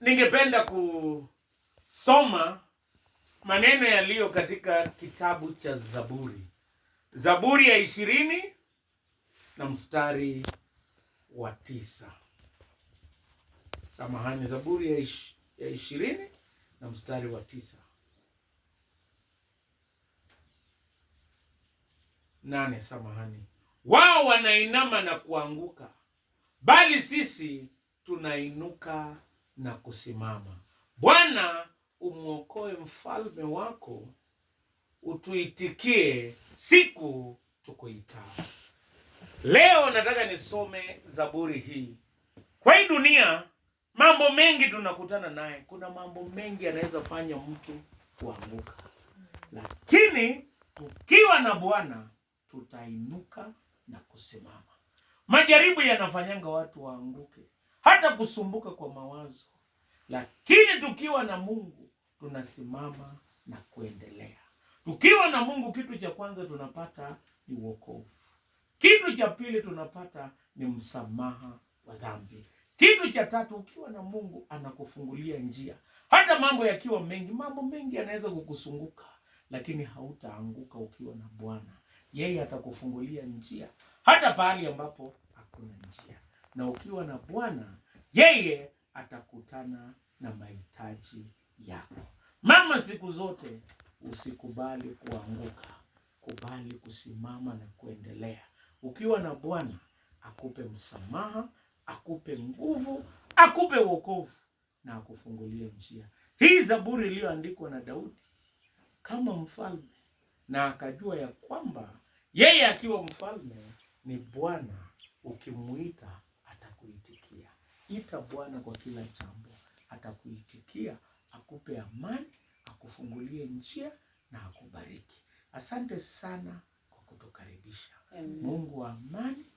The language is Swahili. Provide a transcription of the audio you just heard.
Ningependa kusoma maneno yaliyo katika kitabu cha Zaburi, Zaburi ya ishirini na mstari wa tisa. Samahani, Zaburi ya, ish, ya ishirini na mstari wa tisa. Nane, samahani. Wao wanainama na kuanguka, bali sisi tunainuka na kusimama. Bwana, umwokoe mfalme wako, utuitikie siku tukuita. Leo nataka nisome Zaburi hii. Kwa hii dunia mambo mengi tunakutana naye, kuna mambo mengi yanaweza fanya mtu kuanguka, lakini tukiwa na Bwana tutainuka na kusimama. Majaribu yanafanyanga watu waanguke, hata kusumbuka kwa mawazo, lakini tukiwa na Mungu tunasimama na kuendelea. Tukiwa na Mungu, kitu cha kwanza tunapata ni wokovu, kitu cha pili tunapata ni msamaha wa dhambi, kitu cha tatu, ukiwa na Mungu anakufungulia njia. Hata mambo yakiwa mengi, mambo mengi yanaweza kukusunguka, lakini hautaanguka ukiwa na Bwana. Yeye atakufungulia njia hata pahali ambapo hakuna njia na ukiwa na Bwana, yeye atakutana na mahitaji yako. Mama, siku zote usikubali kuanguka, kubali kusimama na kuendelea. Ukiwa na Bwana akupe msamaha, akupe nguvu, akupe wokovu na akufungulie njia. Hii Zaburi iliyoandikwa na Daudi kama mfalme, na akajua ya kwamba yeye akiwa mfalme ni Bwana ukimuita Ita Bwana kwa kila jambo, atakuitikia akupe amani, akufungulie njia na akubariki. Asante sana kwa kutukaribisha. Amen. Mungu wa amani